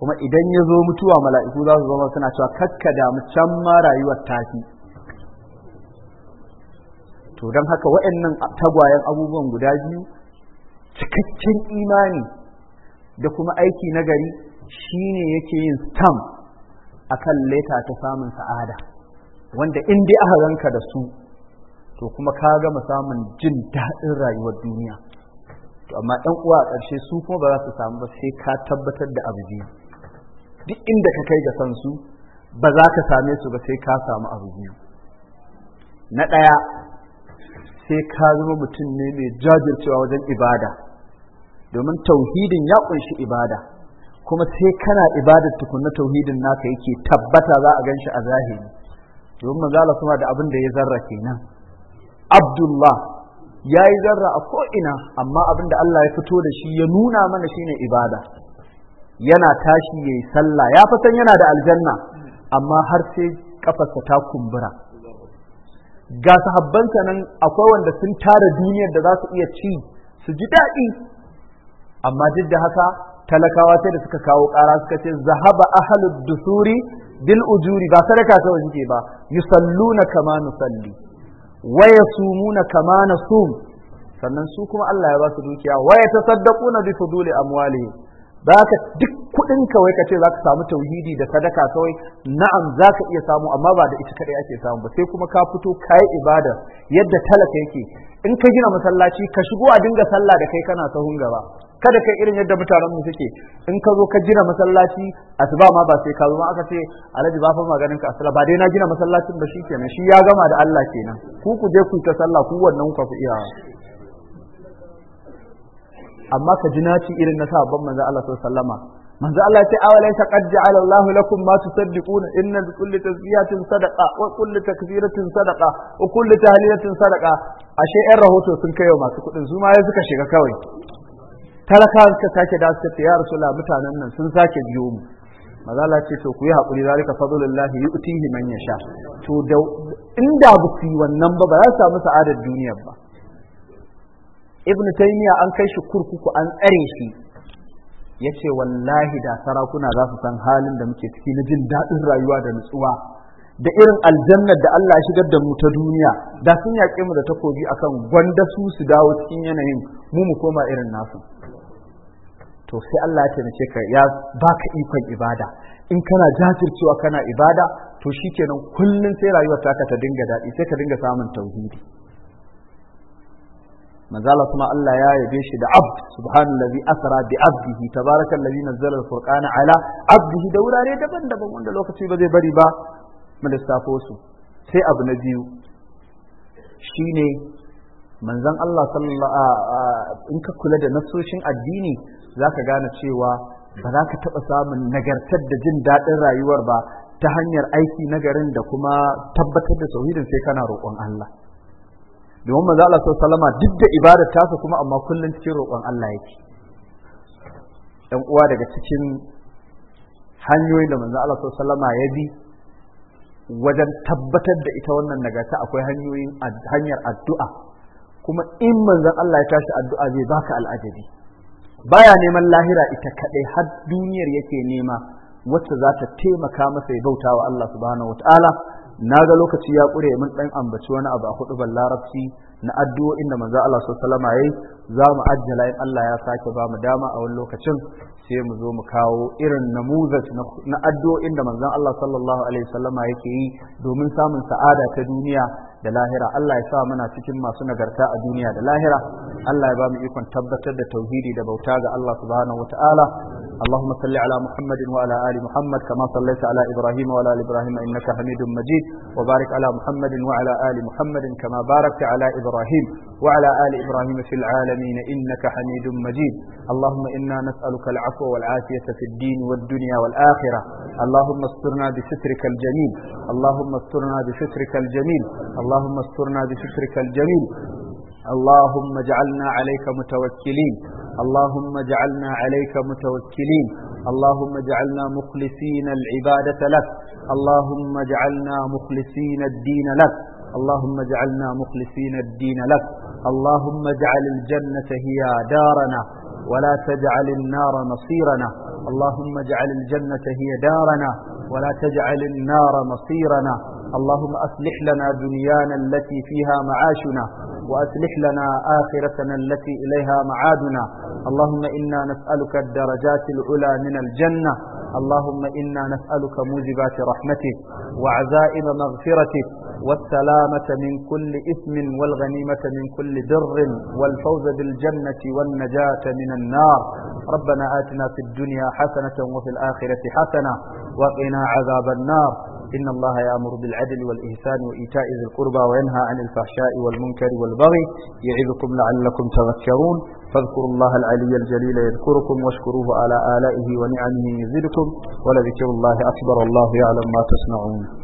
kuma idan ya zo mutuwa mala'iku za su zama suna cewa kakka damu can ma rayuwar tafi to don haka waɗannan tagwayen abubuwan guda biyu cikakken imani da kuma aiki nagari ne yake yin stamp kan leta ta samun sa'ada wanda in dai aka ranka da su to kuma ka gama samun jin daɗin rayuwar duniya to amma ɗan uwa a ƙarshe su kuma ba za su samu ba sai ka tabbatar da abu biyu duk inda ka kai ga san su ba za ka same su ba sai ka samu abu biyu na ɗaya sai ka zama mutum ne mai jajircewa wajen ibada domin tauhidin ya kunshi ibada kuma sai kana ibadar tukunna tauhidin naka yake tabbata za a gan shi a zahiri domin manzala suna da abin da ya zarra kenan abdullah ya yi zarra a ko'ina amma abin da Allah ya fito da shi ya nuna mana shine ibada yana tashi ya yi sallah ya fasan yana da aljanna amma har sai kafarsa ta kumbura ga sahabbansa nan akwai wanda sun tara duniyar da za su iya ci su ji daɗi amma duk da haka talakawa sai da suka kawo ƙara suka ce zahaba ahalud dusuri bil ujuri ba sadaka ta wanke ba yusalluna kama nusalli wa yasumuna kama nasum sannan su kuma Allah ya ba su dukiya wa yatasaddaquna bi fuduli amwali baka duk kuɗin kawai ka ce za ka samu tauhidi da sadaka kawai na'am zaka iya samu amma ba da ita kaɗai ake samu ba sai kuma ka fito ka ibada yadda talaka yake in ka gina masallaci ka shigo a dinga sallah da kai kana sahun gaba kada kai irin yadda mutanen mu suke in ka zo ka gina masallaci asuba ma ba sai ka zo ma aka ce alhaji ba fa maganin ka asuba ba dai na gina masallacin ba shikenan shi ya gama da Allah kenan ku ku je ku ta sallah ku wannan ku fa iyawa amma ka ji naci irin na sahabban manzo Allah sallallahu alaihi manzo Allah ya ce awalaysa qad ja'ala Allahu lakum ma tusaddiquna inna kulli tasbihatin sadaqa wa kulli takbiratin sadaqa wa kulli tahliyatin sadaqa ashe ɗan rahoto sun kai wa masu kuɗin su ma ya suka shiga kawai talakawa suka sake da suka ya rasulullah mutanen nan sun sake biyo mu mazala ce to ku yi haƙuri zalika fadlullahi yu'tihi man yasha to da inda ba su yi wannan ba ba za su samu sa'adar duniyar ba ibnu taymiya an kai shi kurkuku an tsare shi yace wallahi da sarakuna za su san halin da muke ciki na jin daɗin rayuwa da nutsuwa da irin aljannar da Allah ya shigar da mu ta duniya da sun yaƙe mu da takobi akan gwanda su su dawo cikin yanayin mu mu koma irin nasu to sai Allah ya taimake ka ya baka ikon ibada in kana jajircewa kana ibada to shikenan kullun sai rayuwar taka ta dinga daɗi sai ka dinga samun tauhidi manzala kuma Allah ya yabe shi da abd subhanallazi asra bi abdihi tabarakallazi nazzala alfurqana ala abdihi da wurare daban-daban wanda lokaci ba zai bari ba mu lissafo su sai abu na biyu shine manzon Allah sallallahu in ka kula da nasoshin addini za ka gane cewa ba za ka taɓa samun nagartar da jin daɗin rayuwar ba ta hanyar aiki nagarin da kuma tabbatar da tauhidin sai kana roƙon Allah domin manzo Allah salama duk da ibadar tasa kuma amma kullum cikin roƙon Allah yake ɗan uwa daga cikin hanyoyin da manzo Allah salama ya bi wajen tabbatar da ita wannan nagarta akwai hanyoyin hanyar addu'a kuma in manzon Allah ya tashi addu'a zai baka al'ajabi baya neman lahira ita kaɗai har duniyar yake nema wacce za ta taimaka masa ya bauta wa Allah subhanahu ta'ala na ga lokaci ya ƙure mun ɗan ambaci wani abu a hudu larabci na addu'o'in da manzo Allah sallallahu alaihi wasallam za mu ajjala in Allah ya sake ba mu dama a wani lokacin sai mu zo mu kawo irin namuzat na addu'o'in da manzon Allah sallallahu alaihi wasallam yake yi domin samun sa'ada ta duniya da lahira Allah ya sa muna cikin masu nagarta a duniya da lahira Allah ya ba mu ikon tabbatar da tauhidi da bauta ga Allah subhanahu wataala اللهم صل على محمد وعلى ال محمد كما صليت على ابراهيم وعلى ال ابراهيم انك حميد مجيد وبارك على محمد وعلى ال محمد كما باركت على إبراهيم وعلى آل إبراهيم في العالمين إنك حميد مجيد اللهم إنا نسألك العفو والعافية في الدين والدنيا والآخرة اللهم استرنا بسترك الجميل اللهم استرنا بسترك الجميل اللهم استرنا بسترك الجميل اللهم اجعلنا عليك متوكلين اللهم اجعلنا عليك متوكلين اللهم اجعلنا مخلصين العبادة لك اللهم اجعلنا مخلصين الدين لك اللهم اجعلنا مخلصين الدين لك اللهم اجعل الجنة هي دارنا ولا تجعل النار مصيرنا اللهم اجعل الجنة هي دارنا ولا تجعل النار مصيرنا اللهم أصلح لنا دنيانا التي فيها معاشنا وأصلح لنا آخرتنا التي إليها معادنا اللهم إنا نسألك الدرجات العلى من الجنة اللهم إنا نسألك موجبات رحمتك وعزائم مغفرتك والسلامة من كل إثم والغنيمة من كل در والفوز بالجنة والنجاة من النار ربنا آتنا في الدنيا حسنة وفي الآخرة حسنة وقنا عذاب النار إن الله يأمر بالعدل والإحسان وإيتاء ذي القربى وينهى عن الفحشاء والمنكر والبغي يعظكم لعلكم تذكرون فاذكروا الله العلي الجليل يذكركم واشكروه على آلائه ونعمه يزدكم ولذكر الله أكبر الله يعلم ما تصنعون